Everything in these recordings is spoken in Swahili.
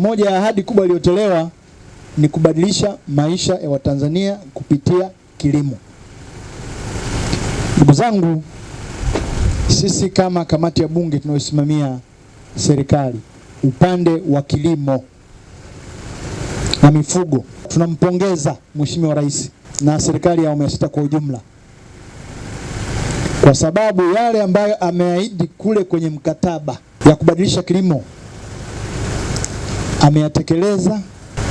moja ya ahadi kubwa iliyotolewa ni kubadilisha maisha ya Watanzania kupitia kilimo. Ndugu zangu, sisi kama kamati ya bunge tunayosimamia serikali upande wa kilimo na mifugo, tunampongeza Mheshimiwa Rais na serikali ya awamu ya sita kwa ujumla, kwa sababu yale ambayo ameahidi kule kwenye mkataba ya kubadilisha kilimo ameyatekeleza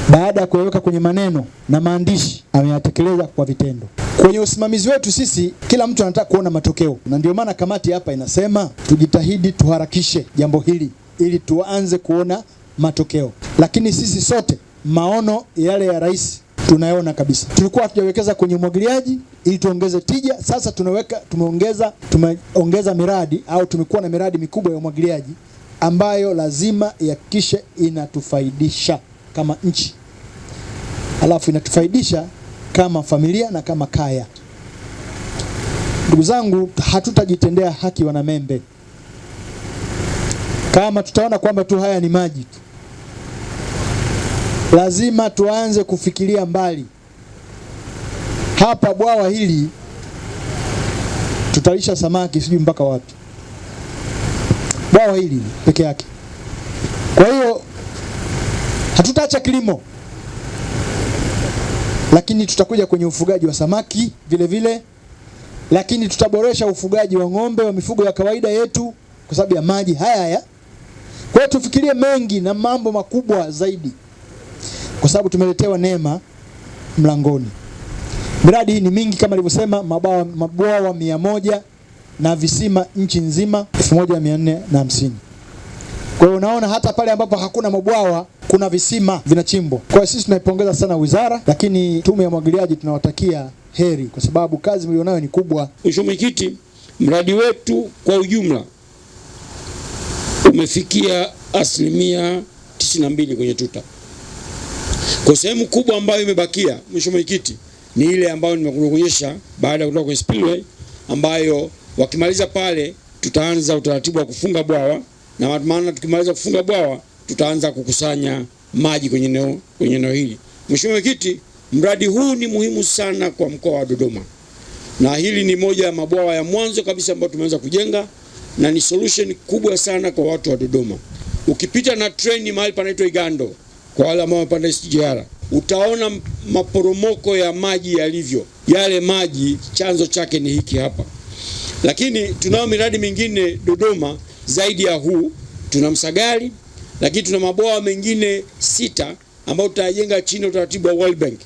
baada ya kuyaweka kwenye maneno na maandishi, ameyatekeleza kwa vitendo. Kwenye usimamizi wetu sisi, kila mtu anataka kuona matokeo, na ndio maana kamati hapa inasema tujitahidi, tuharakishe jambo hili ili tuanze kuona matokeo. Lakini sisi sote maono yale ya rais tunayona kabisa. Tulikuwa hatujawekeza kwenye umwagiliaji ili tuongeze tija, sasa tunaweka tumeongeza, tumeongeza miradi au tumekuwa na miradi mikubwa ya umwagiliaji ambayo lazima ihakikishe inatufaidisha kama nchi, alafu inatufaidisha kama familia na kama kaya. Ndugu zangu, hatutajitendea haki Wanamembe kama tutaona kwamba tu haya ni maji tu. Lazima tuanze kufikiria mbali. Hapa bwawa hili tutalisha samaki sijui mpaka wapi bwawa hili peke yake. Kwa hiyo hatutaacha kilimo, lakini tutakuja kwenye ufugaji wa samaki vile vile, lakini tutaboresha ufugaji wa ng'ombe wa mifugo ya kawaida yetu kwa sababu ya maji haya haya. Kwa hiyo tufikirie mengi na mambo makubwa zaidi, kwa sababu tumeletewa neema mlangoni. Miradi hii ni mingi kama nilivyosema, mabwawa mia moja na visima nchi nzima 1450. Kwa hiyo unaona hata pale ambapo hakuna mabwawa kuna visima vinachimbwa. Kwa hiyo sisi tunaipongeza sana wizara, lakini tume ya mwagiliaji tunawatakia heri, kwa sababu kazi mlionayo ni kubwa. Mheshimiwa Mwenyekiti, mradi wetu kwa ujumla umefikia asilimia 92 kwenye tuta. Kwa sehemu kubwa ambayo imebakia, Mheshimiwa Mwenyekiti, ni ile ambayo nimekuonyesha baada ya kutoka kwenye spillway ambayo Wakimaliza pale, tutaanza utaratibu wa kufunga bwawa, na maana tukimaliza kufunga bwawa, tutaanza kukusanya maji kwenye eneo kwenye eneo hili. Mheshimiwa Mwenyekiti, mradi huu ni muhimu sana kwa mkoa wa Dodoma, na hili ni moja ya mabwawa ya mwanzo kabisa ambayo tumeweza kujenga na ni solution kubwa sana kwa watu wa Dodoma. Ukipita na treni mahali panaitwa Igando, kwa wale ambao wamepanda SGR, utaona maporomoko ya maji yalivyo. Yale maji chanzo chake ni hiki hapa. Lakini tunayo miradi mingine Dodoma zaidi ya huu, tuna Msagali, lakini tuna mabwawa mengine sita ambayo tutajenga chini ya utaratibu wa World Bank,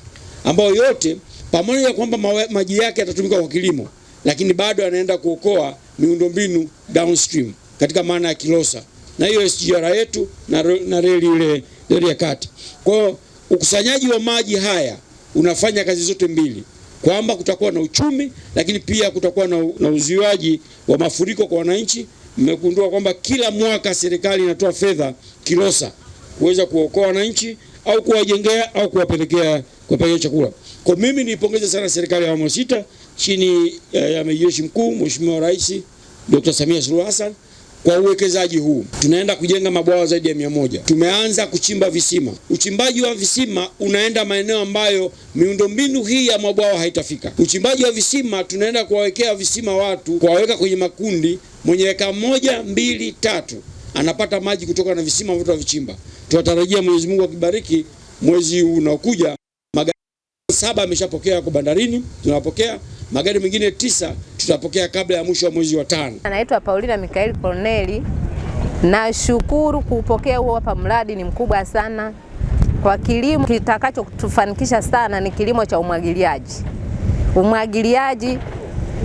ambayo yote pamoja na kwamba maji yake yatatumika kwa kilimo, lakini bado anaenda kuokoa miundombinu downstream katika maana ya Kilosa na hiyo SGR yetu na, na reli ile reli ya kati. Kwa hiyo ukusanyaji wa maji haya unafanya kazi zote mbili kwamba kutakuwa na uchumi, lakini pia kutakuwa na, na uzuiaji wa mafuriko kwa wananchi. Mmegundua kwamba kila mwaka serikali inatoa fedha Kilosa kuweza kuokoa wananchi au kuwajengea au kuwapelekea kuwapelekea chakula. Kwa mimi niipongeze sana serikali ya awamu sita chini eh, ya Amiri Jeshi Mkuu Mheshimiwa Rais Dr. Samia Suluhu Hassan kwa uwekezaji huu tunaenda kujenga mabwawa zaidi ya mia moja. Tumeanza kuchimba visima. Uchimbaji wa visima unaenda maeneo ambayo miundombinu hii ya mabwawa haitafika. Uchimbaji wa visima tunaenda kuwawekea visima watu, kuwaweka kwenye makundi, mwenye eka moja, mbili, tatu anapata maji kutoka na visima ambavyo tunavichimba. Tunatarajia Mwenyezi Mungu akibariki, mwezi huu unaokuja magari saba ameshapokea kwa bandarini, tunapokea Magari mengine tisa tutapokea kabla ya mwisho wa mwezi wa tano. Anaitwa Paulina mikael Corneli. Nashukuru kupokea huo hapa, mradi ni mkubwa sana kwa kilimo. Kitakachotufanikisha sana ni kilimo cha umwagiliaji, umwagiliaji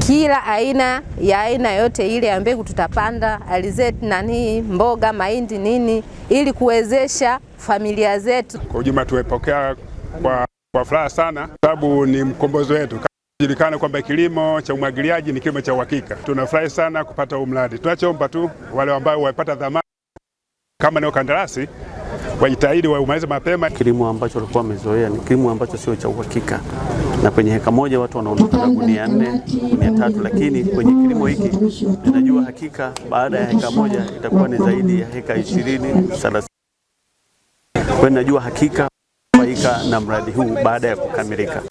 kila aina ya aina yote ile ya mbegu tutapanda alizeti, nani, mboga, mahindi, nini, ili kuwezesha familia zetu. Kwa ujumla tumepokea kwa, kwa furaha sana, sababu ni mkombozi wetu. Julikana kwamba kilimo cha umwagiliaji ni kilimo cha uhakika. Tunafurahi sana kupata huu mradi. Tunachoomba tu wale ambao wamepata dhamana kama nao kandarasi wajitahidi waumalize mapema. Kilimo ambacho walikuwa wamezoea ni kilimo ambacho sio cha uhakika, na kwenye heka moja watu wanaondoka gunia nne, gunia tatu, lakini kwenye kilimo hiki ninajua hakika baada ya heka moja itakuwa ni zaidi ya heka ishirini, thelathini. Kwa hiyo ninajua hakika faika na mradi huu baada ya kukamilika.